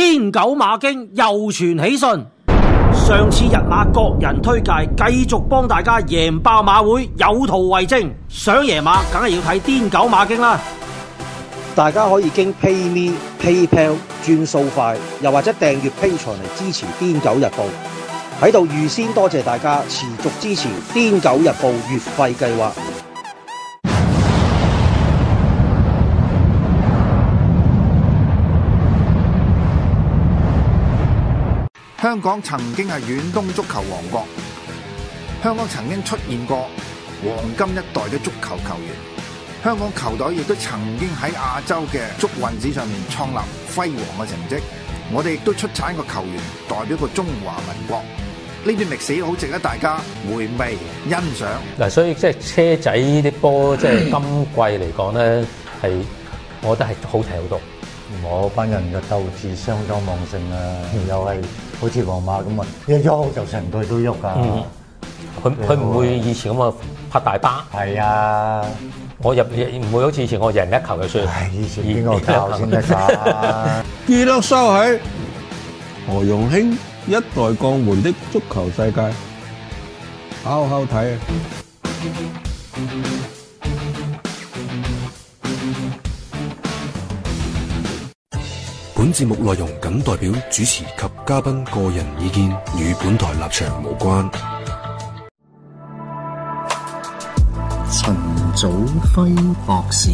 癲狗馬經又傳喜訊，上次日馬各人推介繼續幫大家贏爆馬會，有圖為證。想贏馬，梗係要睇癲狗馬經啦。大家可以經 PayMe、PayPal 轉數快，又或者訂閱 Patreon 嚟支持癲狗日報。喺度預先多謝大家持續支持癲狗日報月費計劃。香港曾經係遠東足球王國，香港曾經出現過黃金一代嘅足球球員。香港球隊亦都曾經喺亞洲嘅足運史上面創立輝煌嘅成績。我哋亦都出產一個球員代表個中華民國，呢段歷史，好值得大家回味欣賞嗱，所以即係車仔啲波，即係今季嚟講咧，係 我覺得係好睇好多。我班人嘅鬥志、嗯、相當旺盛啊，又係～好似皇馬咁啊，一喐就成隊都喐噶。佢，佢唔會以前咁啊，拍大巴。係啊，我入唔會好似以前我贏一球嘅算。以前邊個教先 得㗎？記得收起，何容卿，一代降門的足球世界，好好睇啊！本節目內容僅代表主持及嘉賓個人意見，與本台立場無關。陳祖輝博士，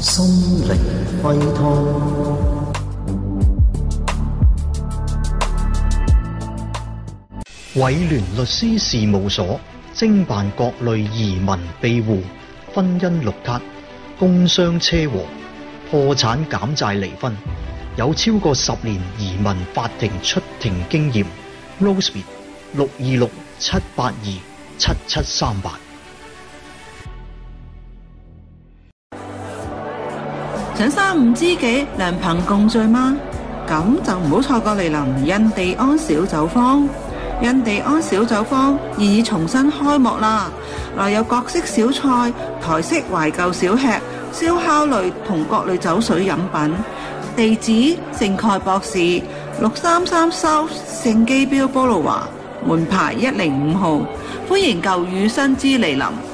心靈雞湯，委聯律師事務所，精辦各類移民庇護、婚姻綠卡、工傷車禍。破產減債離婚，有超過十年移民法庭出庭經驗。Rosie 六二六七八二七七三八，想三五知己良朋共聚嗎？咁就唔好錯過嚟臨印第安小酒坊。印第安小酒坊現已重新開幕啦，內有各式小菜、台式懷舊小吃。燒烤類同各類酒水飲品。地址：盛蓋博士六三三 South 盛基標波羅華門牌一零五號。歡迎舊雨新知嚟臨。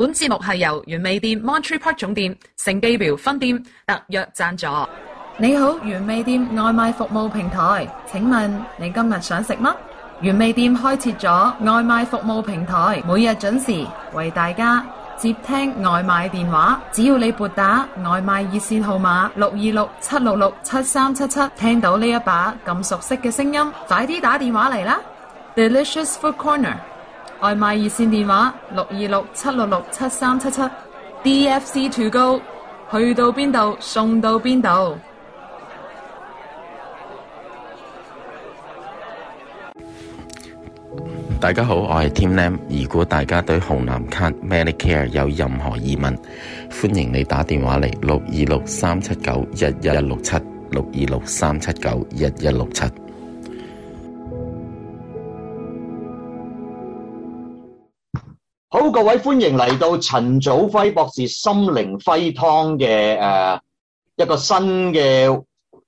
本節目係由原味店 Monterey Park 總店、聖蓋博分店特約贊助。你好，原味店外賣服務平台，請問你今日想食乜？原味店開設咗外賣服務平台，每日準時為大家接聽外賣電話。只要你撥打外賣熱線號碼六二六七六六七三七七，聽到呢一把咁熟悉嘅聲音，快啲打電話嚟啦！Delicious Food Corner。外賣熱線電話六二六七六六七三七七，D F C To Go，去到邊度送到邊度？大家好，我係 Tim Lam。如果大家對紅藍卡 Medicare 有任何疑問，歡迎你打電話嚟六二六三七九一一六七，六二六三七九一一六七。好，各位歡迎嚟到陳祖輝博士心靈輝湯嘅誒一個新嘅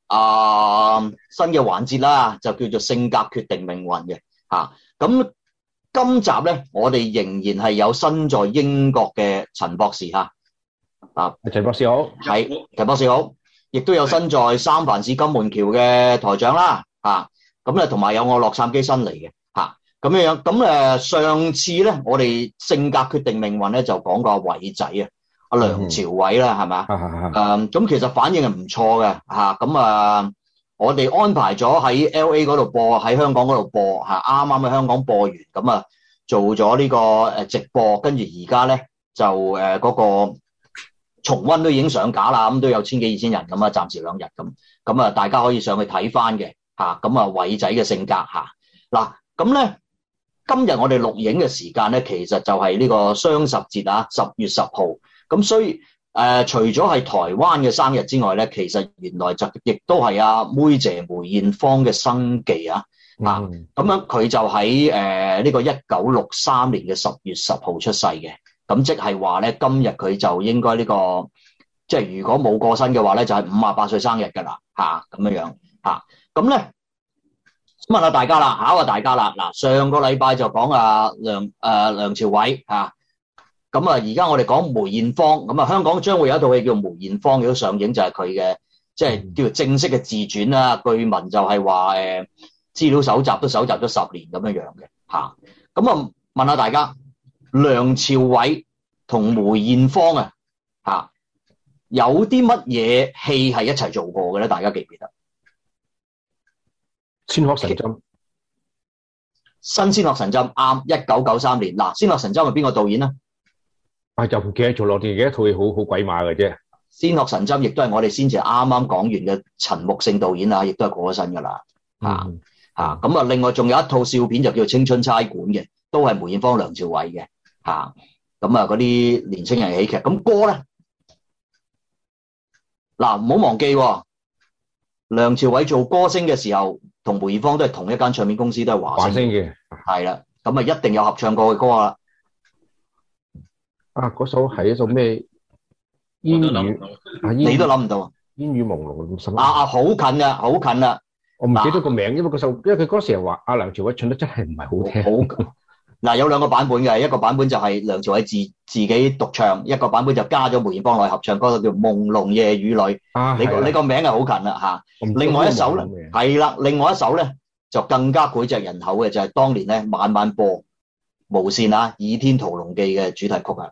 啊、呃、新嘅環節啦，就叫做性格決定命運嘅吓。咁、啊、今集咧，我哋仍然係有身在英國嘅陳博士吓。啊，陳博士好，係陳博士好，亦都有身在三藩市金門橋嘅台長啦。咁咧同埋有我洛杉磯新嚟嘅。咁樣，咁誒上次咧，我哋性格決定命運咧，就講過偉仔啊，阿梁朝偉啦，係咪？咁、 嗯、其實反應係唔錯嘅嚇。咁啊，我哋安排咗喺 L A 嗰度播，喺香港嗰度播嚇，啱啱喺香港播完，咁啊做咗呢個誒直播，跟住而家咧就誒嗰、啊嗰個重温都已經上架啦，咁都有千幾二千人咁啊，暫時兩日咁。咁啊，大家可以上去睇翻嘅嚇咁啊，偉、啊、仔嘅性格嚇嗱，咁、啊、咧。啊今日我哋錄影嘅時間咧，其實就係呢個雙十節啊，十月十號。咁所以誒、呃，除咗係台灣嘅生日之外咧，其實原來就亦都係阿梅姐梅艷芳嘅生忌啊。啊，咁樣佢就喺誒呢個一九六三年嘅十月十號出世嘅。咁即係話咧，今日佢就應該呢個，即係如果冇過身嘅話咧，就係五十八歲生日噶啦。吓咁樣樣吓，咁咧。問下大家啦，考下大家啦。嗱，上個禮拜就講阿梁誒、呃、梁朝偉吓，咁啊而家我哋講梅艷芳。咁啊，香港將會有一套戲叫《梅艷芳》亦都上映就，就係佢嘅即係叫做正式嘅自傳啦。據聞就係話誒資料搜集都搜集咗十年咁樣樣嘅吓。咁啊，啊，問下大家，梁朝偉同梅艷芳啊吓、啊，有啲乜嘢戲係一齊做過嘅咧？大家記唔記得？《仙鶴神針》新《仙鶴神針》啱一九九三年嗱，《仙鶴神針》係邊個導演咧？係又唔記得做落地嘅一套嘢，好好鬼馬嘅啫。《仙鶴神針》亦都係我哋先前啱啱講完嘅陳木勝導演啊，亦都係過咗身噶啦。吓吓，咁啊，另外仲有一套笑片就叫做《青春差館》嘅，都係梅艷芳、梁朝偉嘅吓。咁啊，嗰啲年青人喜劇咁歌咧嗱，啊，唔好忘記梁朝偉做歌星嘅時候。同梅艷芳都係同一間唱片公司，都係華，華星嘅，係啦，咁啊一定有合唱過嘅歌啦。啊，嗰首係一首咩？煙雨，你都諗唔到。啊。「煙雨朦朧」啊，啊，好近啊，好近啊。我唔記得個名，因為個首，因為佢嗰時話阿梁朝偉唱得真係唔係好聽。好好 嗱，有兩個版本嘅，一個版本就係梁朝偉自自己獨唱，一個版本就加咗梅艷芳來合唱，嗰個叫《朦朧夜雨裏》。啊，係。你個你個名係好近啦，吓。另外一首咧，係啦，另外一首咧就更加膾炙人口嘅就係當年咧晚晚播無綫啊《倚天屠龍記》嘅主題曲啊。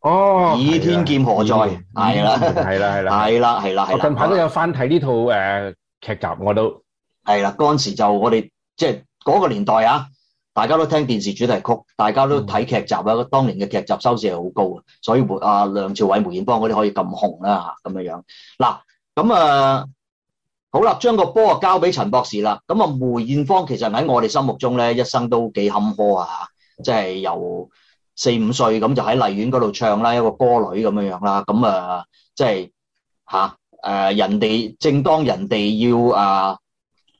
哦，《倚天劍何在》係啦，係啦，係啦，係啦，係啦。我近排都有翻睇呢套誒劇集，我都係啦。嗰陣時就我哋即係嗰個年代啊。大家都聽電視主題曲，大家都睇劇集啦。當年嘅劇集收視係好高嘅，所以啊梁朝偉、梅艷芳嗰啲可以咁紅啦，嚇，咁樣，嗱，咁啊，啊好啦，將個波啊交俾陳博士啦。咁啊，梅艷芳其實喺我哋心目中咧，一生都幾坎坷啊！即係由四五歲咁就喺麗苑嗰度唱啦，一個歌女咁樣啦。咁啊，即係嚇人哋，正當人哋要啊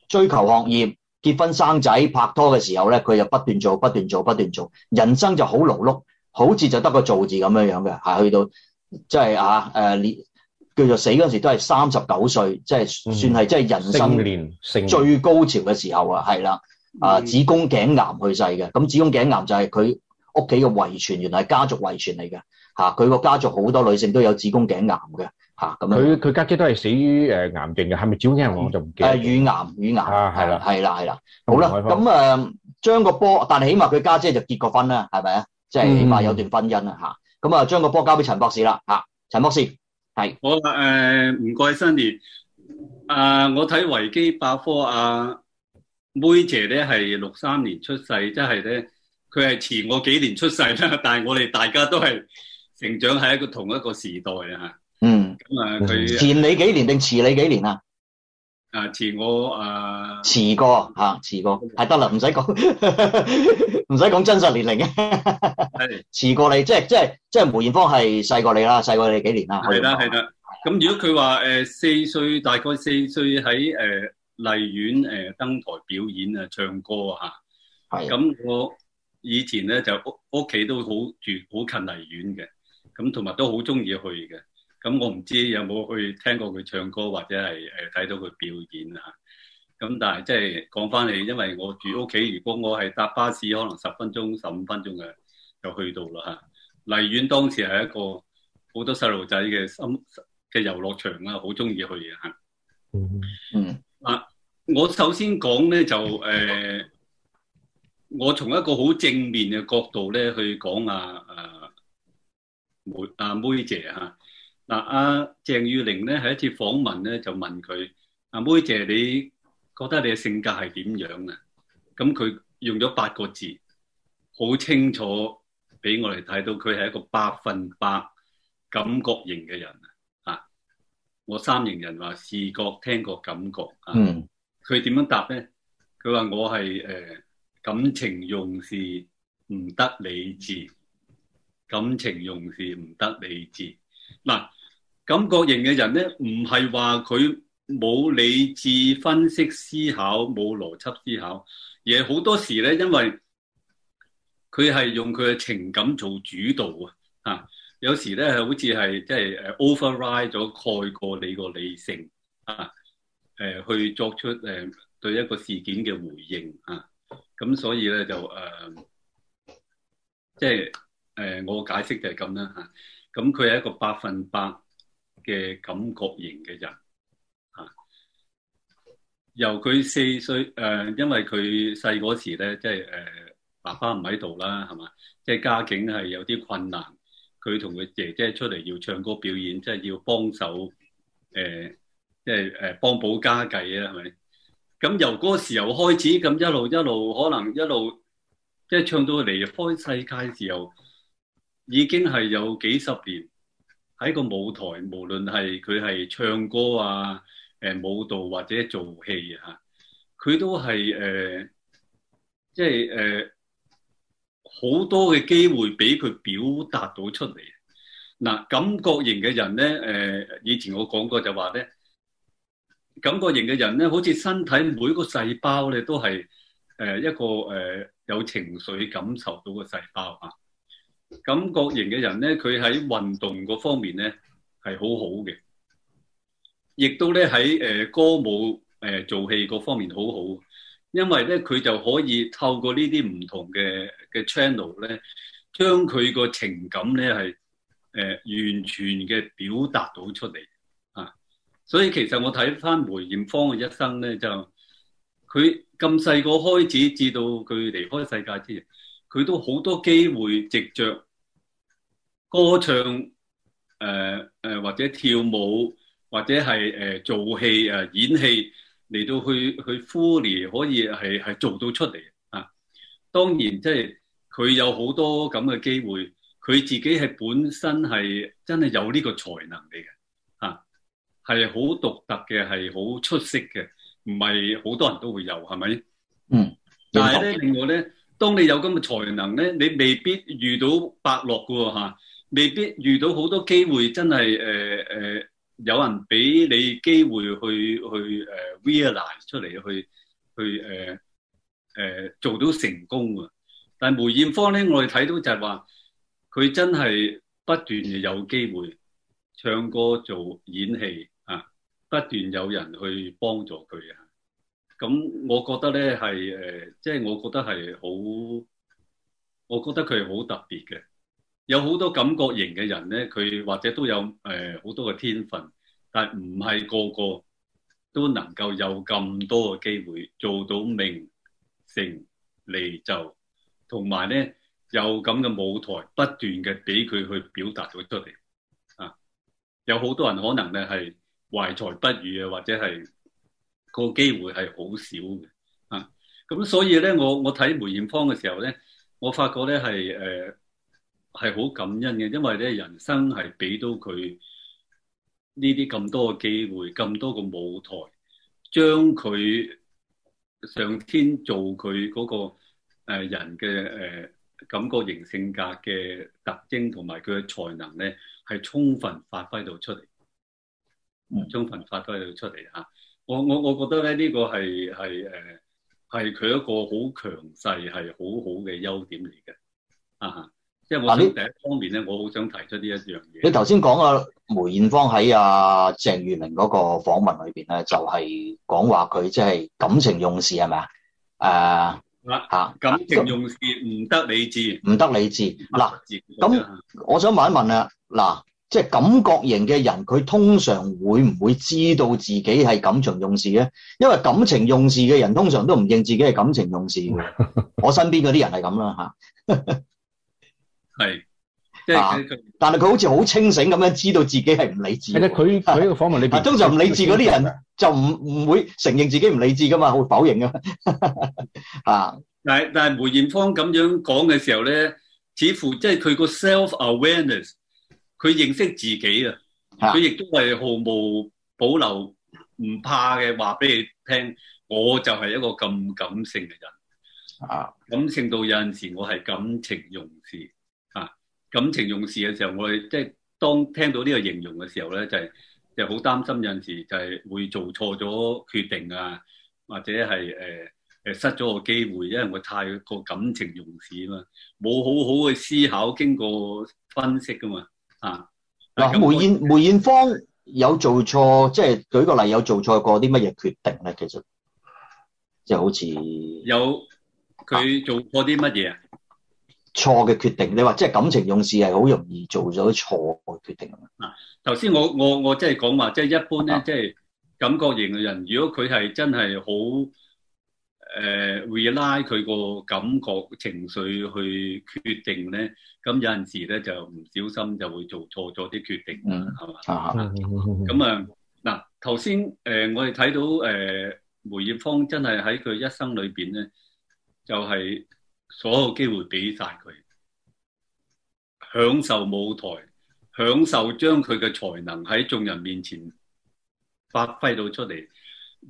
追求學業。結婚生仔拍拖嘅時候咧，佢就不斷，不斷做、不斷做、不斷做，人生就好勞碌，好似就得個做字咁樣樣嘅，係去到即係、就是、啊誒、呃，叫做死嗰陣時候都係三十九歲，即係、嗯、算係即係人生最高潮嘅時候啊，係啦，啊、嗯、子宮頸癌去世嘅，咁子宮頸癌就係佢屋企嘅遺傳，原來係家族遺傳嚟嘅，嚇佢個家族好多女性都有子宮頸癌嘅。吓咁、啊、樣，佢佢家姐都係死於誒、呃、癌症嘅，係咪早啲我就唔記誒，乳、啊、癌，乳癌啊，係啦，係啦、啊，係啦，啊、好啦，咁誒、呃，將個波，但係起碼佢家姐，姐就結過婚啦，係咪啊？即係、嗯、起碼有段婚姻啦，吓，咁啊，將個波交俾陳博士啦，吓、啊，陳博士係、呃呃，我誒唔該辛尼，誒，我睇維基百科，阿梅姐咧係六三年出世，即係咧，佢係遲我幾年出世啦，但係我哋大家都係成長喺一個同一個時代啊。嗯，咁啊、嗯，佢他前你幾年定遲你幾年啊，遲我？啊，遲我誒，遲、啊、過吓，遲過係得啦，唔使講，唔使講真實年齡嘅，遲的過你，即係即係即係梅艷芳係細過你啦，細過你幾年啦？係啦係啦。咁的如果佢話誒四歲，大概四歲喺誒荔園誒登台表演啊，唱歌吓，係、啊、咁的我以前咧就屋屋企都好住好近荔園嘅，咁同埋都好中意去嘅。咁、嗯、我唔知有冇去聽過佢唱歌，或者係誒睇到佢表演啊？咁但係即係講翻嚟，因為我住屋企，如果我係搭巴士，可能十分鐘、十五分鐘嘅就去到啦嚇。荔、啊、園當時係一個好多細路仔嘅心嘅遊樂場很喜歡啊，好中意去嘅嚇。嗯嗯、啊。我首先講咧就誒、呃，我從一個好正面嘅角度咧去講啊誒、啊、梅啊梅姐嚇。啊嗱，阿鄭裕玲咧喺一次訪問咧就問佢：阿、啊、梅姐，你覺得你嘅性格係點樣啊？咁佢用咗八個字，好清楚俾我哋睇到佢係一個百分百感覺型嘅人啊！我三型人話：視覺、聽覺、感覺。啊、嗯。佢點樣答咧？佢話我係誒、呃、感情用事，唔得理智。感情用事唔得理智。嗱、啊。感覺型嘅人咧，唔係話佢冇理智分析思考，冇邏輯思考，而係好多時咧，因為佢係用佢嘅情感做主導啊。有時咧，好似係即係、就、誒、是、override 咗，蓋過你個理性啊，誒、呃、去作出誒、呃、對一個事件嘅回應啊。咁所以咧就誒，即係誒我解釋就係咁啦吓。咁佢係一個百分百。嘅感覺型嘅人，嚇、啊。由佢四歲誒、呃，因為佢細嗰時咧，即係誒爸爸唔喺度啦，係嘛？即係家境係有啲困難，佢同佢姐姐出嚟要唱歌表演，即係要幫手誒，即係誒幫補家計啦，係咪？咁由嗰時候開始，咁一路一路可能一路即係唱到離開世界嘅時候，已經係有幾十年。喺個舞台，無論係佢係唱歌啊，誒、呃、舞蹈或者做戲啊，佢都係誒，即係誒，好、就是呃、多嘅機會俾佢表達到出嚟。嗱、呃，感覺型嘅人咧，誒、呃，以前我講過就話咧，感覺型嘅人咧，好似身體每個細胞咧都係誒、呃、一個誒、呃、有情緒感受到個細胞啊。感覺型嘅人咧，佢喺運動嗰方面咧係好好嘅，亦都咧喺誒歌舞誒、呃、做戲嗰方面好好，因為咧佢就可以透過這些不呢啲唔同嘅嘅 channel 咧，將佢個情感咧係誒完全嘅表達到出嚟啊！所以其實我睇翻梅艷芳嘅一生咧，就佢咁細個開始至到佢離開世界之前，佢都好多機會直着。歌唱，誒、呃、誒或者跳舞或者係誒、呃、做戲誒、呃、演戲嚟到，去去 fully 可以係係做到出嚟啊！當然即係佢有好多咁嘅機會，佢自己係本身係真係有呢個才能嚟嘅啊，係好獨特嘅，係好出色嘅，唔係好多人都會有係咪？嗯，但係咧，嗯、另外咧，當你有咁嘅才能咧，你未必遇到伯樂噶吓。啊未必遇到好多機會，真係誒誒，有人俾你機會去去誒 realize 出嚟，去去誒誒做到成功啊！但係梅艷芳咧，我哋睇到就係話，佢真係不斷有機會唱歌做演戲啊，不斷有人去幫助佢啊。咁我覺得咧係誒，即係我覺得係好，我覺得佢好特別嘅。有好多感覺型嘅人咧，佢或者都有誒好多嘅天分，但係唔係個個都能夠有咁多嘅機會做到名成利就，同埋咧有咁嘅舞台，不斷嘅俾佢去表達到出嚟。啊，有好多人可能咧係懷才不遇啊，或者係個機會係好少嘅。啊，咁所以咧，我我睇梅艷芳嘅時候咧，我發覺咧係誒。係好感恩嘅，因為咧人生係俾到佢呢啲咁多嘅機會，咁多個舞台，將佢上天做佢嗰、那個誒、呃、人嘅誒、呃、感覺型性格嘅特徵，同埋佢嘅才能咧係充分發揮到出嚟，嗯、充分發揮到出嚟啊！我我我覺得咧呢、這個係係誒係佢一個好強勢，係好好嘅優點嚟嘅啊。即係嗱，呢第一方面咧，我好想提出呢一樣嘢。你頭先講啊，梅艷芳喺阿鄭裕玲嗰個訪問裏邊咧，就係講話佢即係感情用事係咪啊？誒，吓、uh,，感情用事唔得理智，唔、啊、得理智。嗱，咁我想問一問啊，嗱、啊，即、就、係、是、感覺型嘅人，佢通常會唔會知道自己係感情用事咧？因為感情用事嘅人通常都唔認自己係感情用事嘅。 我身邊嗰啲人係咁啦，吓、啊。係、啊，但係佢好似好清醒咁樣，知道自己係唔理智的。係啦，佢佢個訪問裏邊，通常唔理智嗰啲人就唔唔會承認自己唔理智噶嘛，會否認噶。啊！啊但係但係梅艷芳咁樣講嘅時候咧，似乎即係佢個 self-awareness，佢認識自己啊，佢亦都係毫無保留，唔怕嘅話俾你聽，我就係一個咁感性嘅人啊，感性到有陣時候我係感情用事。感情用事嘅時候，我哋即係當聽到呢個形容嘅時候咧，就係就好擔心有陣時就係會做錯咗決定啊，或者係誒誒失咗個機會，因為我太過感情用事啊嘛，冇好好去思考、經過分析噶嘛。啊，嗱，咁我，梅艷梅艷芳有做錯，即係舉個例，有做錯過啲乜嘢決定咧？其實就好似有佢做錯啲乜嘢？啊錯嘅決定，你話即係感情用事係好容易做咗錯嘅決定啊！嗱，頭先我我我即係講話，即係一般咧，即係感覺型嘅人，如果佢係真係好誒 re 佢個感覺情緒去決定咧，咁有陣時咧就唔小心就會做錯咗啲決定啦，係嘛？啊，咁啊，嗱，頭先誒，我哋睇到誒、呃、梅艷芳真係喺佢一生裏邊咧，就係。所有機會俾晒佢，享受舞台，享受將佢嘅才能喺眾人面前發揮到出嚟，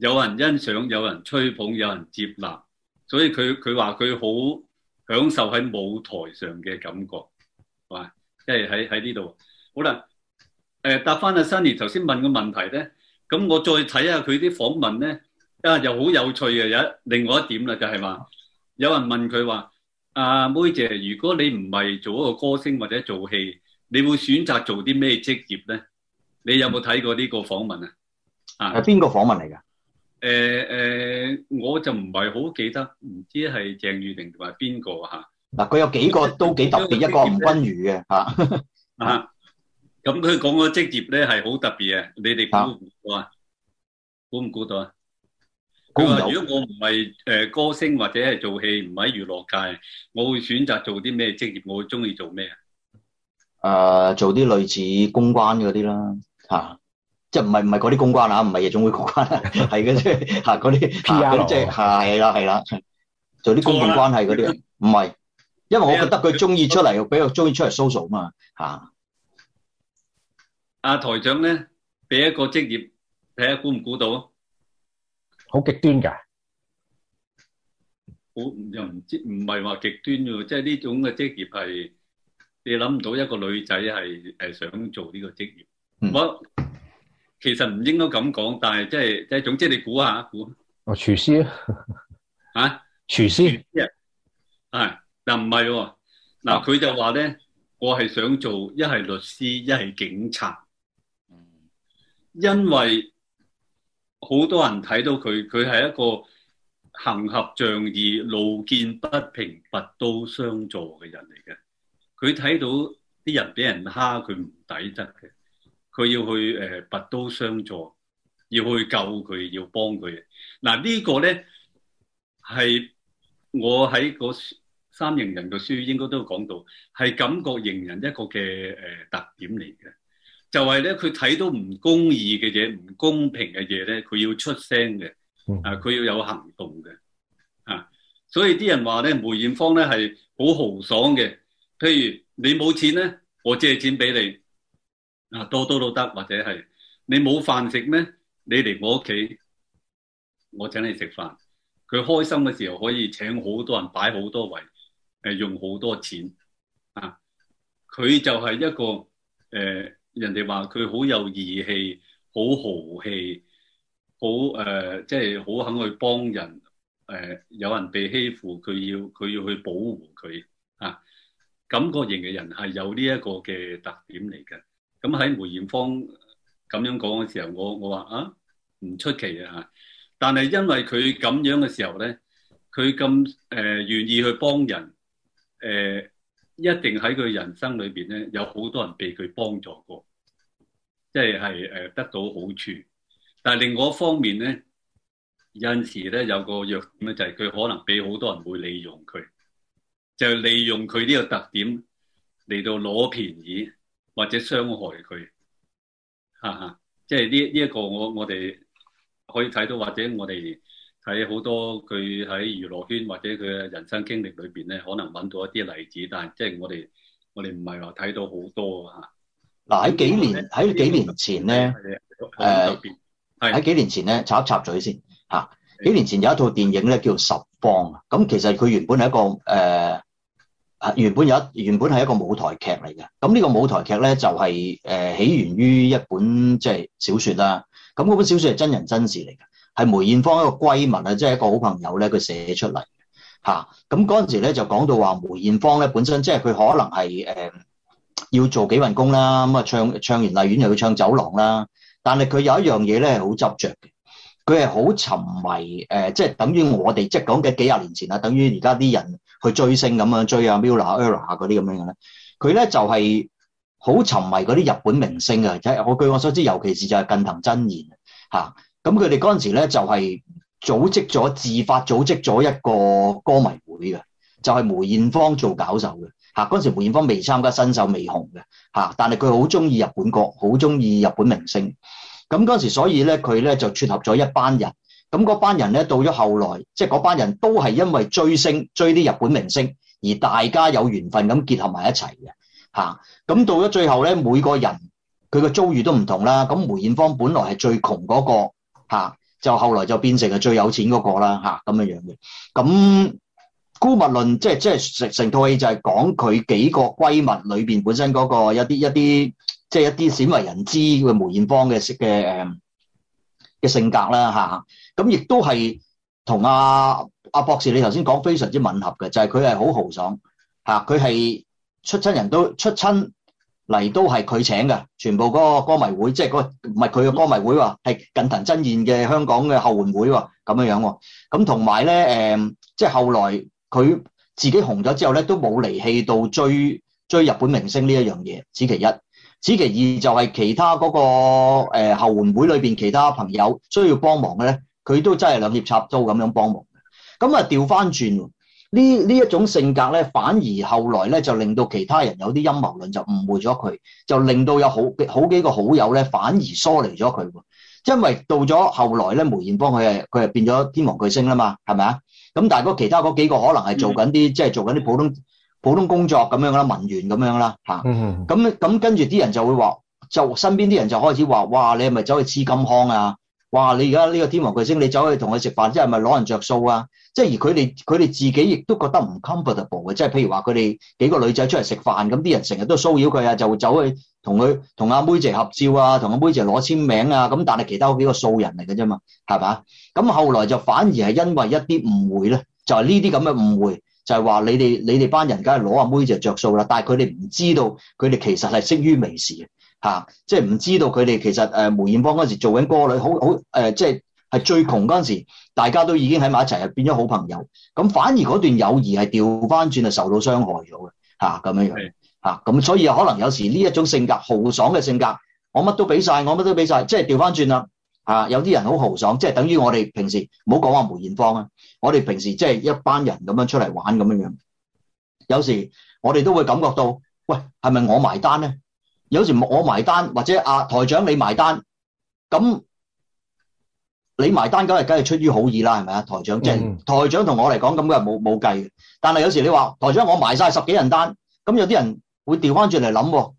有人欣賞，有人吹捧，有人接納，所以佢佢話佢好享受喺舞台上嘅感覺，係嘛？即係喺喺呢度。好啦，誒，答翻阿 Sunny 頭先問嘅問題咧，咁我再睇下佢啲訪問咧，啊，又好有趣嘅，有另外一點啦，就係話。有人問佢話：阿妹姐，如果你唔係做一個歌星或者做戲，你會選擇做啲咩職業咧？你有冇睇過呢個訪問啊？啊，係邊個訪問嚟噶？誒誒，我就唔係好記得，唔知係鄭裕玲同埋邊個吓。嗱，佢有幾個都幾特別，一個吳君如嘅吓。啊，咁佢講個職業咧係好特別啊！你哋估唔估到啊？估唔估到啊？如果我唔係誒歌星，或者係做戲，唔喺娛樂界，我會選擇做啲咩職業？我會中意做咩啊？誒、呃，做啲類似公關嗰啲啦，吓、啊，即係唔係唔係嗰啲公關啊？唔係夜總會公關，係嘅啫，吓嗰啲 PR，即係係啦係啦，做啲公共了關係嗰啲。唔係，因為我覺得佢中意出嚟， 比較中意出嚟 social 嘛，吓、啊。阿、啊、台長咧，俾一個職業，睇下估唔估到啊？好極端㗎！好又唔知，唔係話極端喎，即係呢種嘅職業係你諗唔到一個女仔係誒想做呢個職業。我、嗯、其實唔應該咁講，但係、就是就是、即係即係總之你估下估下，哦，廚師啊？嚇！廚師。係，嗱唔係喎，嗱佢、哦嗯、就話咧，我係想做一係律師，一係警察，因為。好多人睇到佢，佢係一個行俠仗義、路見不平拔刀相助嘅人嚟嘅。佢睇到啲人俾人蝦，佢唔抵得嘅。佢要去誒拔刀相助，要去救佢，要幫佢。嗱、這個、呢個咧係我喺個三型人嘅書，應該都講到，係感覺型人一個嘅誒特點嚟嘅。就係咧，佢睇到唔公義嘅嘢、唔公平嘅嘢咧，佢要出聲嘅，嗯、啊，佢要有行動嘅，啊，所以啲人話咧，梅艷芳咧係好豪爽嘅。譬如你冇錢咧，我借錢俾你，啊，多多都得，或者係你冇飯食咩？你嚟我屋企，我請你食飯。佢開心嘅時候可以請好多人擺好多圍，誒，用好多錢，啊，佢就係一個誒。呃人哋話佢好有義氣，好豪氣，好誒，即係好肯去幫人。誒、呃，有人被欺負，佢要佢要去保護佢啊。感覺型嘅人係有呢一個嘅特點嚟嘅。咁喺梅艷芳咁樣講嘅時候，我我話啊，唔出奇啊。但係因為佢咁樣嘅時候咧，佢咁誒願意去幫人，誒、呃，一定喺佢人生裏邊咧，有好多人被佢幫助過。即係係誒得到好處，但係另外一方面咧，有陣時咧，有個弱點咧，就係佢可能俾好多人會利用佢，就利用佢呢個特點嚟到攞便宜或者傷害佢，哈哈！即係呢呢一個我我哋可以睇到，或者我哋睇好多佢喺娛樂圈或者佢嘅人生經歷裏邊咧，可能搵到一啲例子，但係即係我哋我哋唔係話睇到好多啊。嗱，喺幾年喺幾年前咧，誒喺幾年前咧、啊、插一插嘴先吓、啊。幾年前有一套電影咧叫《十方》。啊，咁其實佢原本係一個誒啊、呃，原本有一原本係一個舞台劇嚟嘅。咁呢個舞台劇咧就係、是、誒、呃、起源於一本即係、就是、小說啦。咁嗰本小說係真人真事嚟嘅，係梅艷芳一個閨蜜啊，即、就、係、是、一個好朋友咧，佢寫出嚟嘅吓。咁嗰陣時咧就講到話梅艷芳咧本身即係佢可能係誒。呃要做幾份工啦，咁啊唱唱完麗苑又要唱酒廊啦。但係佢有一樣嘢咧係好執着嘅，佢係好沉迷誒，即、呃、係、就是、等於我哋即係講嘅幾廿年前啦，等於而家啲人去追星咁啊，追阿 m i l l a 啊嗰啲咁樣嘅咧。佢咧就係、是、好沉迷嗰啲日本明星啊。即係我據我所知，尤其是就係近藤真彥嚇。咁佢哋嗰陣時咧就係、是、組織咗自發組織咗一個歌迷會嘅，就係、是、梅艷芳做搞手嘅。嚇！嗰陣時梅艷芳未參加，新秀未紅嘅嚇，但係佢好中意日本國，好中意日本明星。咁嗰陣時，所以咧佢咧就撮合咗一班人。咁嗰班人咧到咗後來，即係嗰班人都係因為追星、追啲日本明星，而大家有緣分咁結合埋一齊嘅嚇。咁到咗最後咧，每個人佢個遭遇都唔同啦。咁梅艷芳本來係最窮嗰個嚇，就後來就變成係最有錢嗰個啦嚇，咁樣樣嘅咁。姑勿論即係即係成成套戲就係講佢幾個閨蜜裏邊本身嗰個一啲一啲即係一啲鮮為人知嘅梅艷芳嘅嘅誒嘅性格啦吓，咁、啊、亦、嗯、都係同阿阿博士你頭先講非常之吻合嘅，就係佢係好豪爽吓，佢、啊、係出親人都出親嚟，都係佢請嘅，全部嗰個歌迷會即係嗰，唔係佢嘅歌迷會喎，係近藤真彥嘅香港嘅後援會喎，咁樣樣、啊、喎，咁同埋咧誒，即係、嗯就是、後來。佢自己紅咗之後咧，都冇離棄到追追日本明星呢一樣嘢，此其一。此其二就係其他嗰個誒後援會裏邊其他朋友需要幫忙嘅咧，佢都真係兩肋插刀咁樣幫忙。咁啊調翻轉呢呢一種性格咧，反而後來咧就令到其他人有啲陰謀論就誤會咗佢，就令到有好好幾個好友咧反而疏離咗佢。因為到咗後來咧，梅艷芳佢係佢係變咗天王巨星啦嘛，係咪啊？咁但係其他嗰幾個可能係做緊啲，即係做緊啲普通普通工作咁樣啦，文員咁樣啦，嚇。咁咁、嗯嗯嗯、跟住啲人就會話，就身邊啲人就開始話：哇！你係咪走去黐金康啊？哇！你而家呢個天王巨星，你走去同佢食飯，即係咪攞人着數啊？即係而佢哋佢哋自己亦都覺得唔 comfortable 嘅，即係譬如話佢哋幾個女仔出嚟食飯，咁啲人成日都騷擾佢啊，就會走去同佢同阿妹姐合照啊，同阿妹姐攞簽名啊，咁但係其他幾個素人嚟嘅啫嘛，係嘛？咁後來就反而係因為一啲誤會咧，就係呢啲咁嘅誤會，就係話你哋你哋班人梗係攞阿妹姐着數啦，但係佢哋唔知道佢哋其實係識於微視嘅。吓、啊，即係唔知道佢哋其實誒、呃，梅艷芳嗰時做緊歌女，好好誒，即係係最窮嗰陣時，大家都已經喺埋一齊，係變咗好朋友。咁反而嗰段友誼係調翻轉，係受到傷害咗嘅吓，咁、啊、樣樣吓，咁、啊、所以可能有時呢一種性格豪爽嘅性格，我乜都俾晒，我乜都俾晒，即係調翻轉啦。啊，有啲人好豪爽，即係等於我哋平時唔好講話梅艷芳啊，我哋平時即係一班人咁樣出嚟玩咁樣樣，有時我哋都會感覺到，喂，係咪我埋單咧？有時我埋單或者阿、啊、台長你埋單，咁你埋單咁梗係出於好意啦，係咪啊？台長即係、mm hmm. 台長同我嚟講咁佢係冇冇計嘅。但係有時你話台長我埋晒十幾人單，咁有啲人會調翻轉嚟諗喎，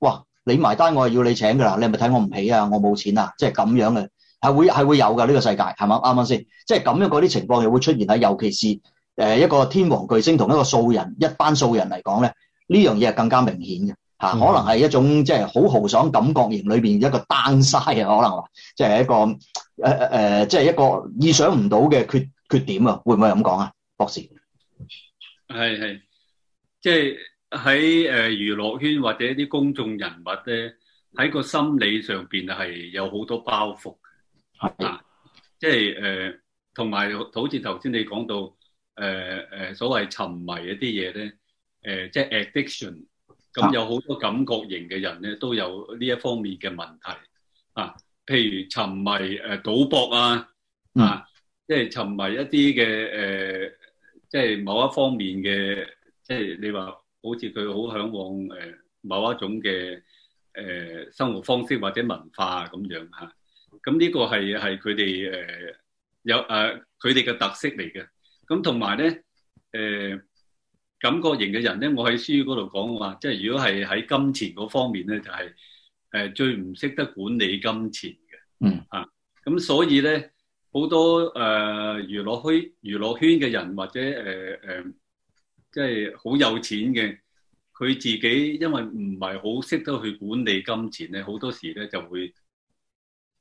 哇！你埋單我係要你請㗎啦，你係咪睇我唔起啊？我冇錢啊，即係咁樣嘅係會係會有㗎呢、呢個世界係咪啱啱先？即係咁樣嗰啲情況又會出現喺，尤其是誒、呃、一個天王巨星同一個素人一班素人嚟講咧，呢樣嘢係更加明顯嘅。嗯、可能係一種即係好豪爽感覺型裏邊一個 downside 啊，可能即係、就是、一個誒誒，即、呃、係、呃就是、一個意想唔到嘅缺缺點啊，會唔會咁講啊，博士？係係，即係喺誒娛樂圈或者啲公眾人物咧，喺個心理上邊係有好多包袱，係是是 啊，即係誒，同埋好似頭先你講到誒誒、呃、所謂沉迷的一啲嘢咧，誒即係 addiction。就是 add iction, 咁有好多感覺型嘅人咧，都有呢一方面嘅問題啊。譬如沉迷誒賭博啊，嗯、啊，即係沉迷一啲嘅誒，即係某一方面嘅，即係你話好似佢好向往誒某一種嘅誒生活方式或者文化咁樣嚇。咁呢個係係佢哋誒有誒佢哋嘅特色嚟嘅。咁同埋咧誒。呃感覺型嘅人咧，我喺書嗰度講嘅話，即係如果係喺金錢嗰方面咧，就係、是、誒最唔識得管理金錢嘅。嗯。嚇，咁所以咧，好多誒、呃、娛樂圈娛樂圈嘅人或者誒誒，即係好有錢嘅，佢自己因為唔係好識得去管理金錢咧，好多時咧就會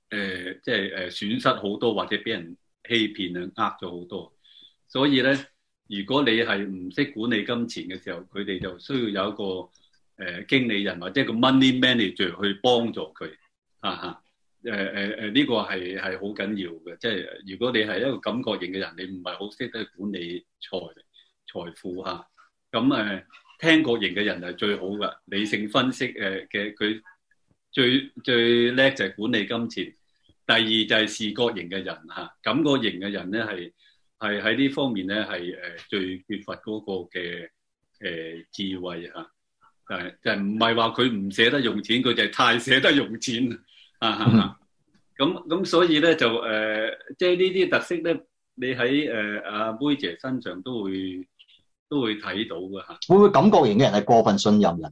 誒即係誒損失好多，或者俾人欺騙啊呃咗好多，所以咧。如果你係唔識管理金錢嘅時候，佢哋就需要有一個誒、呃、經理人或者個 money manager 去幫助佢，嚇嚇誒誒誒，呢、啊啊啊這個係係好緊要嘅。即、就、係、是、如果你係一個感覺型嘅人，你唔係好識得管理財財富嚇，咁、啊、誒、啊、聽覺型嘅人係最好嘅理性分析誒嘅，佢最最叻就係管理金錢，第二就係視覺型嘅人嚇、啊，感覺型嘅人咧係。係喺呢方面咧，係誒最缺乏嗰個嘅誒、呃、智慧吓，誒、啊、就唔係話佢唔捨得用錢，佢就係太捨得用錢啊！咁咁、嗯啊、所以咧就誒，即係呢啲特色咧，你喺誒阿妹姐身上都會都會睇到噶吓。會唔會感覺型嘅人係過分信任人？誒、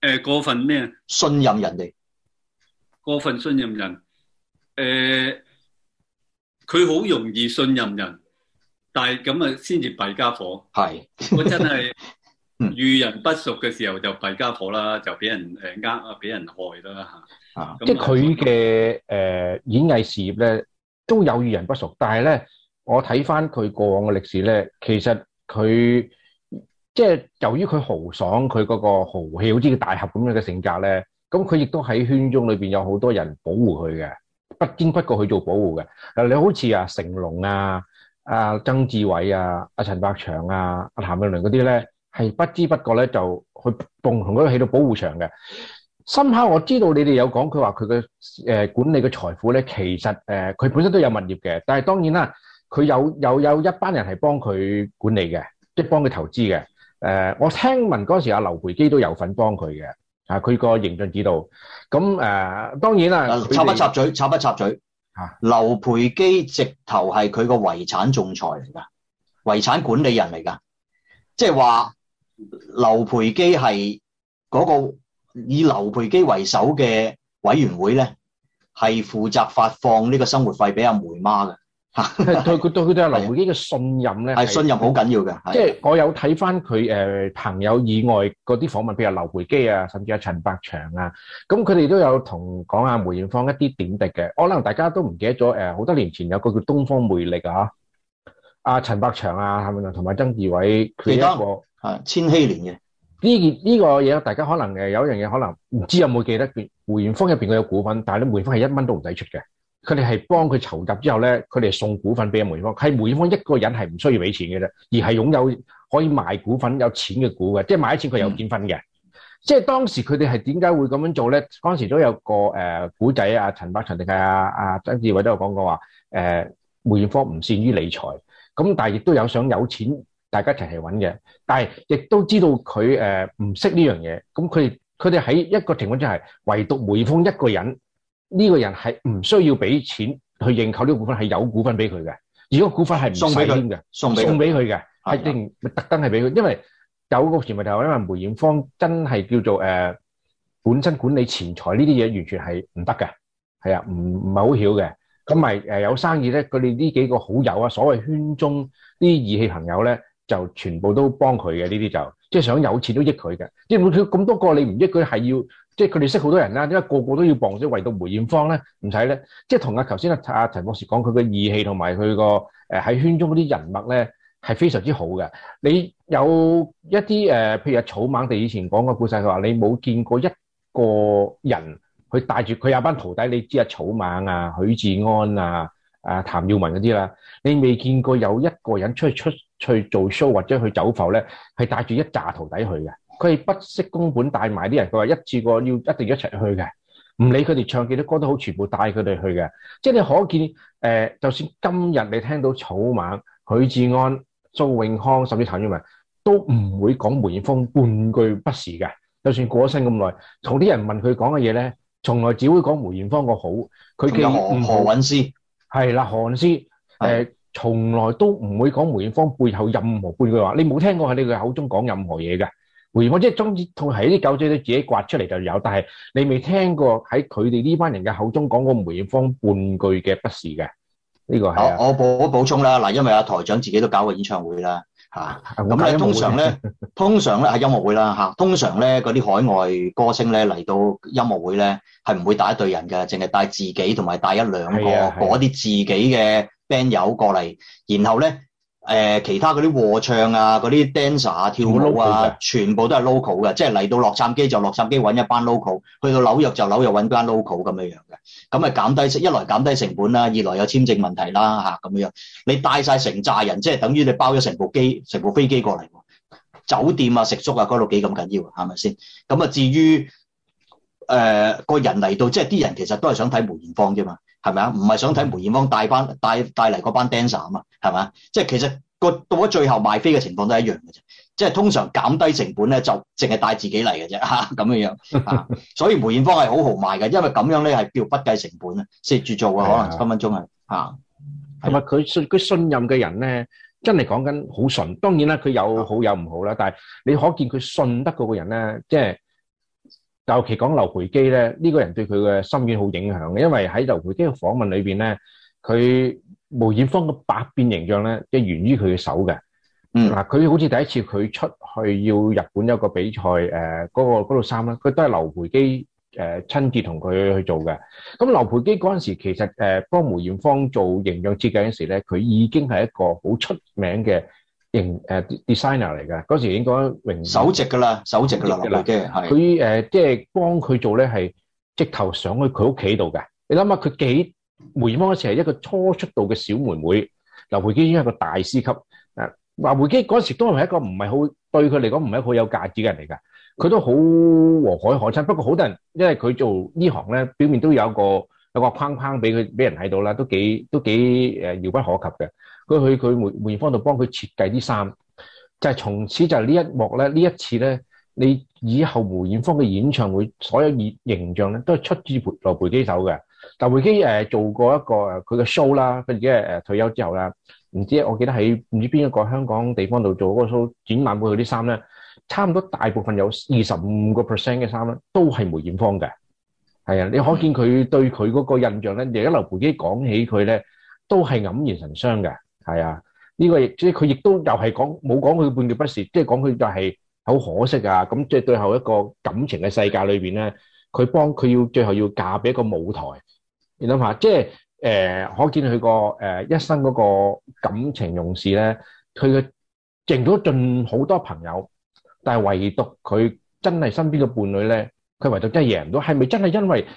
呃，過分咩？信任人哋，過分信任人。誒、呃。佢好容易信任人，但係咁啊，先至弊家伙。係是 我真係遇人不淑嘅時候就弊家伙啦，就俾人誒呃啊，俾人害啦嚇。即係佢嘅誒演藝事業咧，都有遇人不淑。但係咧，我睇翻佢過往嘅歷史咧，其實佢即係由於佢豪爽，佢嗰個豪氣，好似個大俠咁樣嘅性格咧，咁佢亦都喺圈中裏邊有好多人保護佢嘅。不經不覺去做保護嘅，你好似啊成龍啊、阿、啊、曾志偉啊、阿、啊、陳百祥啊、阿、啊、譚詠麟嗰啲咧，係不知不覺咧就去共同喺度起到保護牆嘅。深刻我知道你哋有講佢話佢嘅管理嘅財富咧，其實誒佢、呃、本身都有物業嘅，但係當然啦，佢有有有一班人係幫佢管理嘅，即、就是、幫佢投資嘅。誒、呃，我聽聞嗰時阿、啊、劉培基都有份幫佢嘅。啊！佢個形象指導咁誒、啊，當然啦，插不插嘴，插不插嘴嚇。啊、劉培基直頭係佢個遺產仲裁嚟㗎，遺產管理人嚟㗎，即係話劉培基係嗰個以劉培基為首嘅委員會咧，係負責發放呢個生活費俾阿梅媽嘅。 對佢對佢對劉培基嘅信任咧，係信任好緊要嘅，即係我有睇翻佢誒朋友以外嗰啲訪問，譬如劉培基啊，甚至阿陳百祥啊，咁佢哋都有同講下梅艷芳一啲點滴嘅。可能大家都唔記得咗誒，好多年前有個叫東方魅力啊，阿陳百祥啊，係咪同埋曾志偉佢一個啊千禧年嘅呢件呢個嘢，大家可能誒有一樣嘢，可能唔知有冇記得梅艷芳入邊佢有股份，但係咧梅艷芳係一蚊都唔使出嘅。佢哋係幫佢籌集之後咧，佢哋送股份俾梅艷芳，係梅艷芳一個人係唔需要俾錢嘅啫，而係擁有可以賣股份有錢嘅股嘅，即係買咗錢佢有見分嘅。嗯、即係當時佢哋係點解會咁樣做咧？當時都有個誒古仔啊，陳百祥定係阿阿曾志偉都有講過話誒、呃，梅艷芳唔善於理財，咁但係亦都有想有錢大家一齊揾嘅，但係亦都知道佢誒唔識呢樣嘢，咁佢佢哋喺一個情況之下唯獨梅艷芳一個人。呢個人係唔需要俾錢去認購呢個股份，係有股份俾佢嘅。而、這個股份係唔俾佢嘅，送俾佢嘅，一定特登係俾佢。因為有個前提就係因為梅艷芳真係叫做誒、呃、本身管理錢財呢啲嘢完全係唔得嘅，係啊，唔唔係好曉嘅。咁咪誒有生意咧，佢哋呢幾個好友啊，所謂圈中啲義氣朋友咧。就全部都幫佢嘅，呢啲就即係想有錢都益佢嘅，即係佢咁多個你唔益佢係要，即係佢哋識好多人啦、啊，點解個個都要傍，即係為到梅艷芳咧唔使咧，即係同阿頭先阿陳博士講佢嘅義氣同埋佢個誒喺圈中嗰啲人脈咧係非常之好嘅。你有一啲誒、呃，譬如阿草蜢哋以前講過故事，佢話你冇見過一個人佢帶住佢有班徒弟，你知阿草蜢啊、許志安啊、啊譚耀文嗰啲啦，你未見過有一個人出去出。去做 show 或者去走秀咧，係帶住一紮徒弟去嘅。佢係不惜工本帶埋啲人，佢話一次過要一定要一齊去嘅，唔理佢哋唱幾多歌都好，全部帶佢哋去嘅。即係你可見，誒、呃，就算今日你聽到草蜢、許志安、蘇永康甚至譚耀文，都唔會講梅艷芳半句不是嘅。就算過咗身咁耐，同啲人問佢講嘅嘢咧，從來只會講梅艷芳個好。佢嘅何何韻詩係啦，韓詩誒。從來都唔會講梅艷芳背後任何半句話，你冇聽過喺你嘅口中講任何嘢嘅梅艷芳，即係中意同係啲狗仔都自己刮出嚟就有，但係你未聽過喺佢哋呢班人嘅口中講過梅艷芳半句嘅不是嘅，呢、呢個係我，我補我補充啦，嗱，因為阿台長自己都搞過演唱會啦，嚇，咁咧， 通常咧，通常咧喺音樂會啦，通常咧嗰啲海外歌星咧嚟到音樂會咧，係唔會帶一隊人嘅，淨係帶自己同埋帶一兩個嗰啲、啊啊、自己嘅。band 友過嚟，然後咧，誒、呃，其他嗰啲和唱啊，嗰啲 dancer 啊、跳舞啊，全，是啊全部都係 local 嘅，即係嚟到洛杉磯就洛杉磯搵一班 local，去到紐約就紐約搵班 local 咁樣樣嘅，咁咪減低一來減低成本啦，二來有簽證問題啦，吓、啊、咁樣，你帶晒成扎人，即係等於你包咗成部機、成部飛機過嚟，酒店啊、食宿啊嗰度幾咁緊要啊，係咪先？咁啊，至於誒個人嚟到，即係啲人其實都係想睇梅艷芳啫嘛。係咪啊？唔係想睇梅艷芳帶班帶帶嚟嗰班 dancer 啊嘛？係咪啊？即係其實個到咗最後賣飛嘅情況都係一樣嘅啫。即係通常減低成本咧，就淨係帶自己嚟嘅啫嚇。咁、啊、樣樣 所以梅艷芳係好豪邁嘅，因為咁樣咧係叫不計成本啊，四住做啊，可能分分鐘是是啊。是啊，係咪佢信佢信任嘅人咧？真係講緊好純。當然啦，佢有好有唔好啦。啊、但係你可見佢信得過嗰個人咧，即係。尤其講劉培基咧，呢、這個人對佢嘅心願好影響嘅，因為喺劉培基嘅訪問裏面，咧，佢梅艷芳嘅百變形象咧，即係源於佢嘅手嘅。嗯，嗱，佢好似第一次佢出去要日本有個比賽，誒嗰度嗰套衫咧，佢、那個、都係劉培基誒、呃、親自同佢去做嘅。咁劉培基嗰陣時其實誒、呃、幫梅艷芳做形象設計嗰時咧，佢已經係一個好出名嘅。型誒，designer 嚟噶，嗰時已經講榮首席噶啦，首席噶啦。佢誒，即係幫佢做咧，係直頭上去佢屋企度嘅。你諗下，佢幾梅艷芳嗰時係一個初出道嘅小妹妹，劉培基已經係一個大師級。誒，劉培基嗰時都係一個唔係好對佢嚟講唔係好有價值嘅人嚟噶。佢都好和藹可親，不過好多人因為佢做呢行咧，表面都有個有個框框俾佢俾人睇到啦，都幾都幾誒遙不可及嘅。佢去佢梅梅艷芳度幫佢設計啲衫，就係、是、從此就係呢一幕咧。呢一次咧，你以後梅艷芳嘅演唱會所有形形象咧，都係出自劉培基手嘅。但係劉培基誒做過一個誒佢嘅 show 啦，跟住即係退休之後啦，唔知我記得喺唔知邊一個香港地方度做嗰個 show 展覽會佢啲衫咧，差唔多大部分有二十五個 percent 嘅衫咧，都係梅艷芳嘅。係啊，你可見佢對佢嗰個印象咧。而家劉培基講起佢咧，都係黯然神傷嘅。係啊，呢、這個亦即係佢亦都又係講冇講佢半句不是，即係講佢就係好可惜啊！咁即係最後一個感情嘅世界裏邊咧，佢幫佢要最後要嫁俾一個舞台，你諗下，即係誒、呃，可見佢個誒、呃、一生嗰個感情用事咧，佢嘅贏到盡好多朋友，但係唯獨佢真係身邊嘅伴侶咧，佢唯獨真係贏唔到，係咪真係因為誒、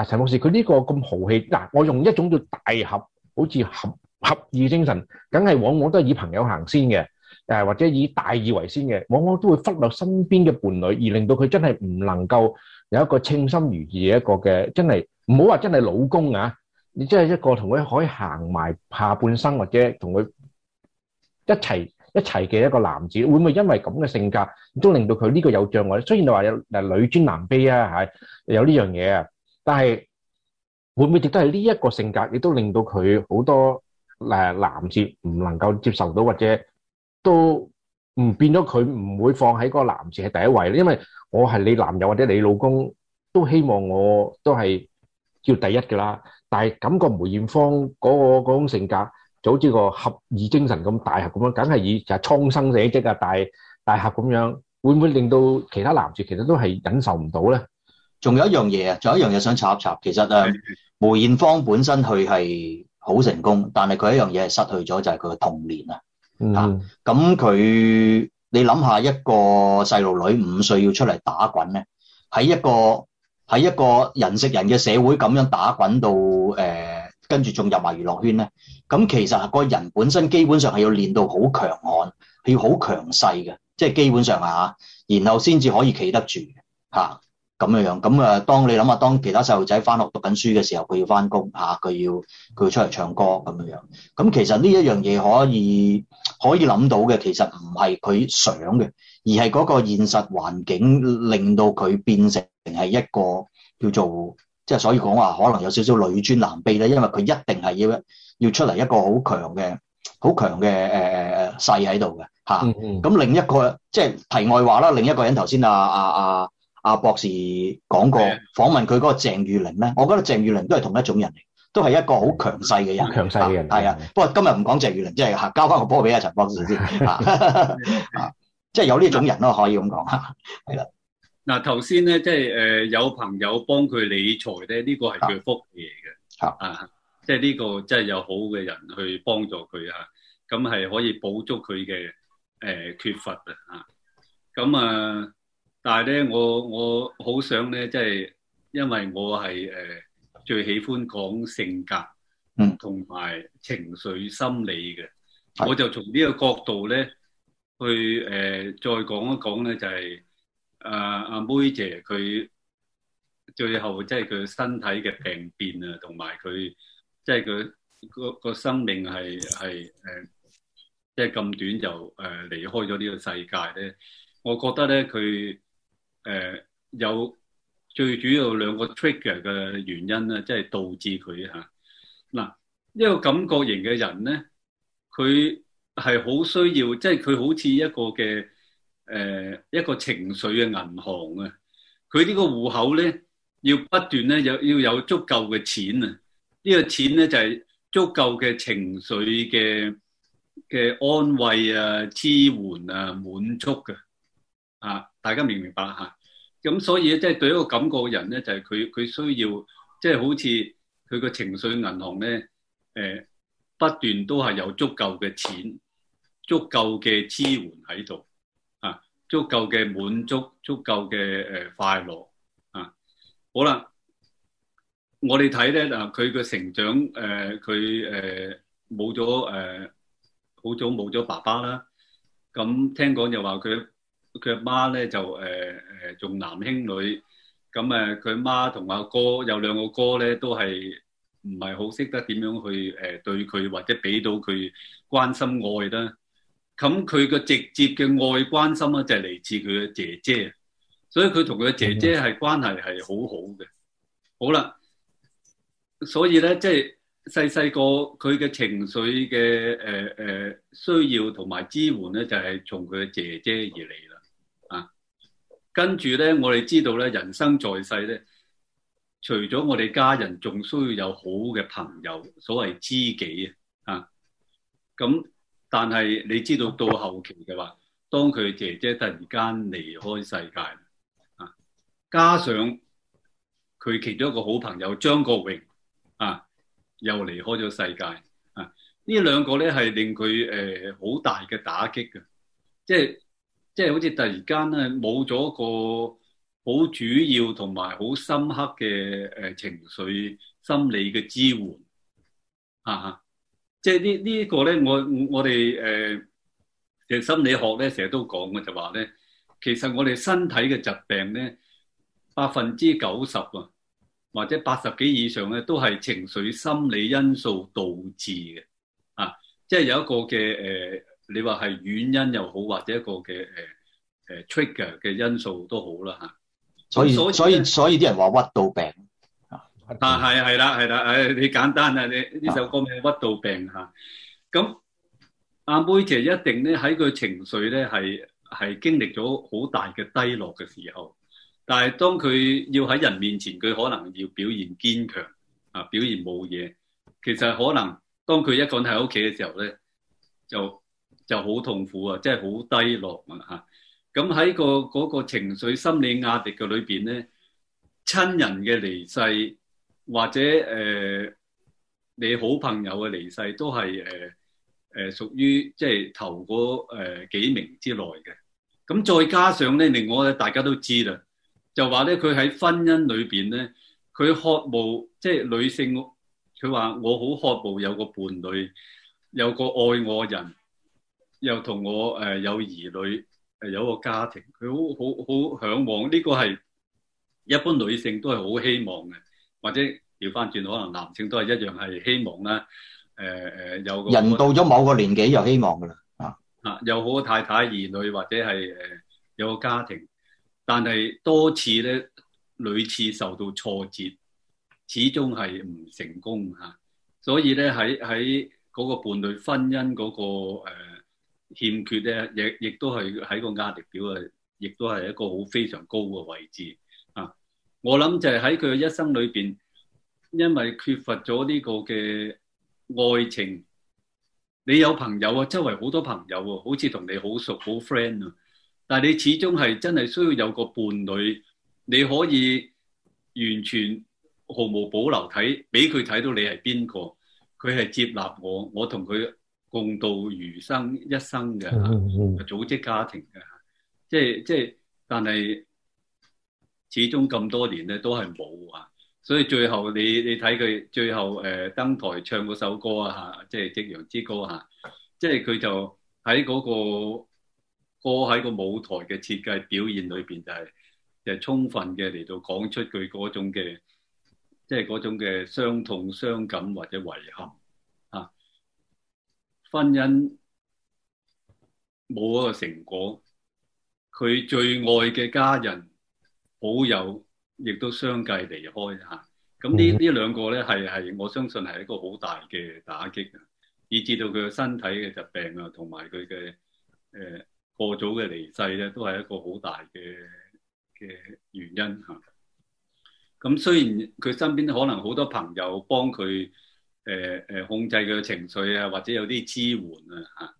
啊、陳博士佢呢個咁豪氣嗱、啊？我用一種叫大俠，好似俠」。合意精神，梗係往往都係以朋友行先嘅，或者以大義為先嘅，往往都會忽略身邊嘅伴侶，而令到佢真係唔能夠有一個稱心如意嘅一個嘅，真係唔好話真係老公啊，你即係一個同佢可以行埋下半生，或者同佢一齊一齊嘅一個男子，會唔會因為咁嘅性格，都令到佢呢個有障礙咧？雖然你話有誒女尊男卑啊，係有呢樣嘢啊，但係會唔會亦都係呢一個性格，亦都令到佢好多？誒，男士唔能夠接受到，或者都唔變咗，佢唔會放喺個男士係第一位咧。因為我係你男友或者你老公，都希望我都係叫第一噶啦。但係感覺梅艷芳嗰個嗰種性格，就好似個俠義精神咁大俠咁樣，梗係以就係蒼生社稷啊，大大俠咁樣，會唔會令到其他男士其實都係忍受唔到咧？仲有一樣嘢啊，仲有一樣嘢想插一插，其實啊，梅艷芳本身佢係。好成功，但係佢一樣嘢係失去咗，就係佢嘅童年啊，吓咁佢，你諗下一個細路女五歲要出嚟打滾咧，喺一個喺一個人食人嘅社會咁樣打滾到，誒、呃，跟住仲入埋娛樂圈咧，咁其實個人本身基本上係要練到好強悍，係要好強勢嘅，即係基本上啊，然後先至可以企得住吓。啊咁樣樣咁啊！當你諗下，當其他細路仔翻學讀緊書嘅時候，佢要翻工吓，佢、啊、要佢要出嚟唱歌咁樣樣。咁其實呢一樣嘢可以可以諗到嘅，其實唔係佢想嘅，而係嗰個現實環境令到佢變成係一個叫做即係，即係、所以講話可能有少少女尊男卑咧，因為佢一定係要要出嚟一個好強嘅好強嘅誒誒勢喺度嘅吓。咁、啊嗯嗯、另一個即係、即係、題外話啦，另一個人頭先啊。啊啊阿博士講過訪問佢嗰個鄭裕玲咧，係啊，我覺得鄭裕玲都係同一種人嚟，都係一個好強勢嘅人，強勢嘅人係啊。不過今日唔講鄭裕玲，即係吓交翻個波俾阿陳博士先啊，即係有呢種人咯，可以咁講吓，係啦。嗱，頭先咧，即係誒有朋友幫佢理財咧，呢個係佢福氣嚟嘅啊，即係呢個即係有好嘅人去幫助佢啊，咁係可以補足佢嘅誒缺乏啊，咁啊。但係咧，我我好想咧，即係因為我係誒最喜歡講性格和，嗯，同埋情緒心理嘅，我就從呢個角度咧去誒再講一講咧，就係誒阿妹姐佢最後即係佢身體嘅病變啊，同埋佢即係佢個個生命係係誒即係咁短就誒離開咗呢個世界咧，我覺得咧佢。誒、呃，有最主要的兩個 trigger 嘅原因咧，即、就、係、是、導致佢吓嗱，一、啊呢個感覺型嘅人咧，佢係好需要，即係佢好似一個嘅誒、呃，一個情緒嘅銀行啊，佢呢個戶口咧，要不斷咧有要,要有足夠嘅錢啊，呢、呢個錢咧就係、是、足夠嘅情緒嘅嘅安慰啊、支援啊、滿足嘅啊。啊大家明唔明白嚇？咁所以即係、就是、對一個感覺嘅人咧，就係佢佢需要，即、就、係、是、好似佢個情緒銀行咧，誒、呃、不斷都係有足夠嘅錢，足夠嘅支援喺度啊，足夠嘅滿足，足夠嘅誒快樂啊！好啦，我哋睇咧嗱，佢個成長誒，佢誒冇咗誒，好早冇咗爸爸啦。咁聽講又話佢。佢阿媽咧就誒誒重男輕女，咁誒佢阿媽同阿哥有兩個哥咧都係唔係好識得點樣去誒對佢或者俾到佢關心愛啦。咁佢嘅直接嘅愛關心咧就係、是、嚟自佢嘅姐姐，所以佢同佢嘅姐姐係關係係好、嗯、好嘅的。好啦，所以咧即係細細個佢嘅情緒嘅誒誒需要同埋支援咧就係、是、從佢嘅姐姐而嚟。跟住咧，我哋知道咧，人生在世咧，除咗我哋家人，仲需要有好嘅朋友，所謂知己啊。啊，咁但係你知道到後期嘅話，當佢姐姐突然間離開世界啊，加上佢其中一個好朋友張國榮啊，又離開咗世界啊，呢兩個咧係令佢誒好大嘅打擊嘅，即係。即係好似突然間咧，冇咗個好主要同埋好深刻嘅誒情緒心理嘅支援、啊、即係呢呢個咧，我我哋誒、呃、其實心理學咧成日都講嘅就話咧，其實我哋身體嘅疾病咧，百分之九十啊或者八十幾以上咧，都係情緒心理因素導致嘅啊！即係有一個嘅誒。呃你話係原因又好，或者一個嘅誒誒 trigger 嘅因素都好啦嚇。所以所以所以啲人話屈到病啊！啊係係啦係啦誒，你簡單啊你呢的首歌名屈到病嚇。咁、啊、阿梅姐一定咧喺佢情緒咧係係經歷咗好大嘅低落嘅時候，但係當佢要喺人面前，佢可能要表現堅強啊，表現冇嘢。其實可能當佢一個人喺屋企嘅時候咧，就～就好痛苦，就是，很啊，即係好低落啊，嚇，咁喺個嗰個情緒心理壓力嘅裏邊咧，親人嘅離世或者誒、呃、你好朋友嘅離世都係誒誒屬於即係、就是、頭個誒、呃、幾名之內嘅。咁再加上咧，令我咧大家都知啦，就話咧佢喺婚姻裏邊咧，佢渴望，即、就、係、是、女性，佢話我好渴望有個伴侶，有個愛我人。又同我誒有兒女，誒有個家庭，佢好好好嚮往呢、呢個係一般女性都係好希望嘅，或者調翻轉，可能男性都係一樣係希望啦。誒、呃、誒有個人到咗某，某個年紀又希望㗎啦，啊啊有個太太、兒女或者係誒有個家庭，但係多次咧、屢次受到挫折，始終係唔成功嚇、啊。所以咧喺喺嗰個伴侶婚姻嗰、嗰個、呃欠缺咧，亦亦都係喺個壓力表啊，亦都係一個好非常高嘅位置啊！我諗就係喺佢嘅一生裏邊，因為缺乏咗呢個嘅愛情，你有朋友啊，周圍好多朋友喎，好似同你好熟好 friend 啊，但係你始終係真係需要有個伴侶，你可以完全毫無保留睇，俾佢睇到你係邊個，佢係接納我，我同佢。共度餘生一生嘅嚇， 組織家庭嘅，即係即係，但係始終咁多年咧都係冇啊，所以最後你你睇佢最後誒、呃、登台唱嗰首歌啊嚇，即係《夕陽之歌》嚇，即係佢就喺嗰、那個歌喺個舞台嘅設計表現裏邊就係、是、就是、充分嘅嚟到講出佢嗰種嘅，即係嗰種嘅傷痛、傷感或者遺憾。婚姻冇嗰個成果，佢最愛嘅家人好友亦都相繼離開嚇，咁呢呢兩個咧係係我相信係一個好大嘅打擊，以至到佢嘅身體嘅疾病啊，同埋佢嘅誒過早嘅離世咧，都係一個好大嘅嘅原因嚇。咁雖然佢身邊可能好多朋友幫佢。誒誒、呃，控制佢嘅情緒啊，或者有啲支援啊，吓，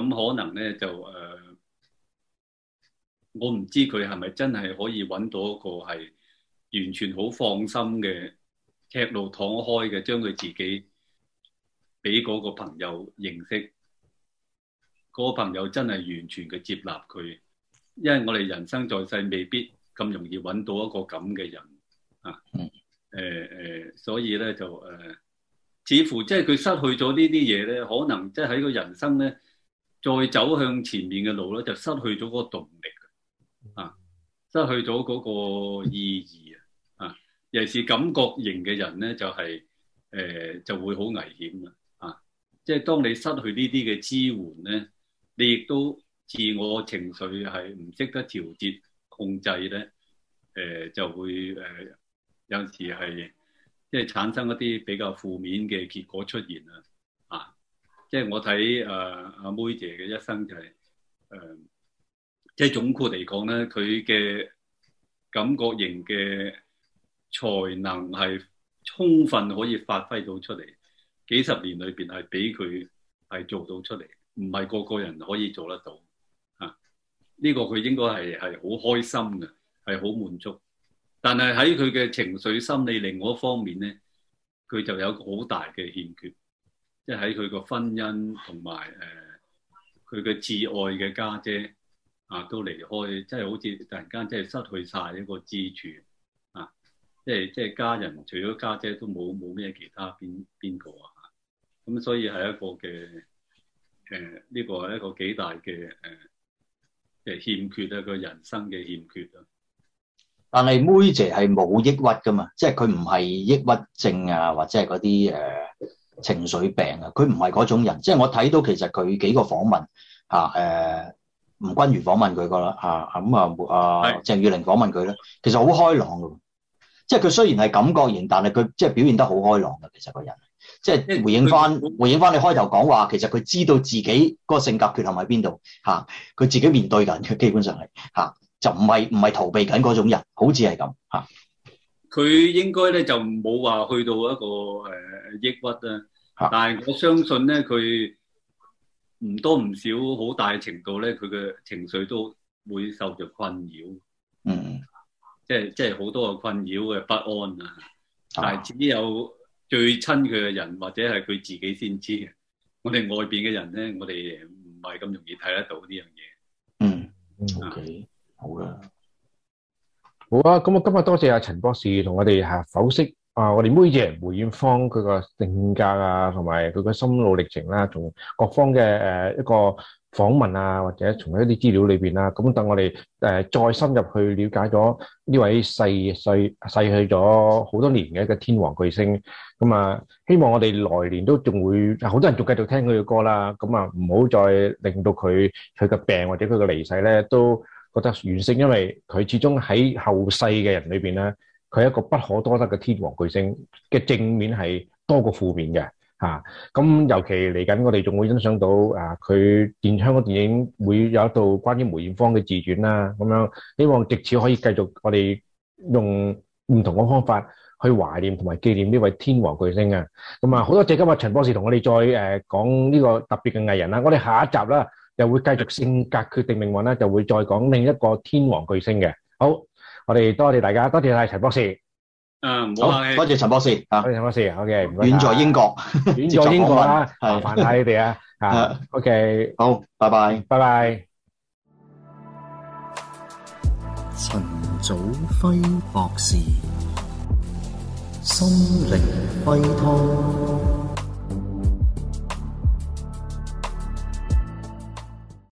咁可能咧就誒、呃，我唔知佢係咪真係可以搵到一個係完全好放心嘅尺路躺開嘅，將佢自己俾嗰個朋友認識，嗰、嗰個朋友真係完全嘅接納佢，因為我哋人生在世未必咁容易搵到一個咁嘅人啊，誒誒、嗯呃呃，所以咧就誒。呃似乎即係佢失去咗呢啲嘢咧，可能即係喺個人生咧，再走向前面嘅路咧，就失去咗嗰個動力啊，失去咗嗰個意義啊。尤其是感覺型嘅人咧，就係、是、誒、呃、就會好危險啊！即、就、係、是、當你失去呢啲嘅支援咧，你亦都自我情緒係唔識得調節控制咧，誒、呃、就會誒、呃、有時係。即係產生一啲比較負面嘅結果出現啊！啊，即係我睇誒阿妹姐嘅一生就係、是、誒、啊，即係總括嚟講咧，佢嘅感覺型嘅才能係充分可以發揮到出嚟。幾十年裏邊係俾佢係做到出嚟，唔係個個人可以做得到啊！呢、這個佢應該係係好開心嘅，係好滿足。但係喺佢嘅情緒心理另外一方面咧，佢就有好大嘅欠缺，即係喺佢個婚姻同埋誒佢嘅摯愛嘅家姐啊都離開，即係好似突然間即係失去晒一個支柱啊！即係即係家人，除咗家姐都冇冇咩其他邊邊個啊？咁所以係一個嘅誒呢個係一個幾大嘅誒嘅欠缺啊，個人生嘅欠缺啊！但係梅姐係冇抑鬱噶嘛，即係佢唔係抑鬱症啊，或者係嗰啲誒情緒病啊，佢唔係嗰種人。即係我睇到其實佢幾個訪問吓，誒、啊、吳、呃、君如訪問佢個啦吓，咁啊阿鄭裕玲訪問佢咧，其實好開朗噶。即係佢雖然係感覺型，但係佢即係表現得好開朗噶。其實個人即係回應翻，的回應翻你開頭講話，其實佢知道自己個性格缺陷喺邊度吓，佢、啊、自己面對緊嘅，基本上係吓。啊就唔係唔係逃避緊嗰種人，好似係咁吓。佢應該咧就冇話去到一個誒、呃、抑鬱啦，啊。但係我相信咧，佢唔多唔少好大程度咧，佢嘅情緒都會受着困擾。嗯，即係即係好多嘅困擾嘅不安啊。但係只有最親佢嘅人或者係佢自己先知嘅。我哋外邊嘅人咧，我哋唔係咁容易睇得到呢樣嘢。嗯，O K。Okay. 啊好嘅，好啊！咁啊，今日多謝阿陳博士同我哋係剖析啊，我哋梅姐梅艷芳佢個性格啊，同埋佢個心路歷程啦，從各方嘅誒一個訪問啊，或者從一啲資料裏邊啦，咁等我哋誒再深入去了解咗呢位逝逝逝去咗好多年嘅一個天王巨星。咁啊，希望我哋來年都仲會，好多人仲繼續聽佢嘅歌啦。咁啊，唔好再令到佢佢嘅病或者佢嘅離世咧都。覺得完勝，因為佢始終喺後世嘅人裏邊咧，佢係一個不可多得嘅天王巨星嘅正面係多過負面嘅，吓咁尤其嚟緊，我哋仲會欣賞到啊佢電香嘅電影會有一套關於梅艷芳嘅自傳啦，咁樣希望借此可以繼續我哋用唔同嘅方法去懷念同埋紀念呢位天王巨星啊，咁啊好多謝今日陳博士同我哋再誒講呢個特別嘅藝人啦，我哋下一集啦。就會繼續性格決定命運咧，就會再講另一個天王巨星嘅。好，我哋多謝大家，多謝阿陳博士。啊，唔好客氣。好，多謝陳博士。多謝陳博士。O.K.，唔該，遠在英國，遠在英國啦，麻煩晒你哋啊。啊，O.K.，好，拜拜，拜拜。陳祖輝博士，心靈雞湯。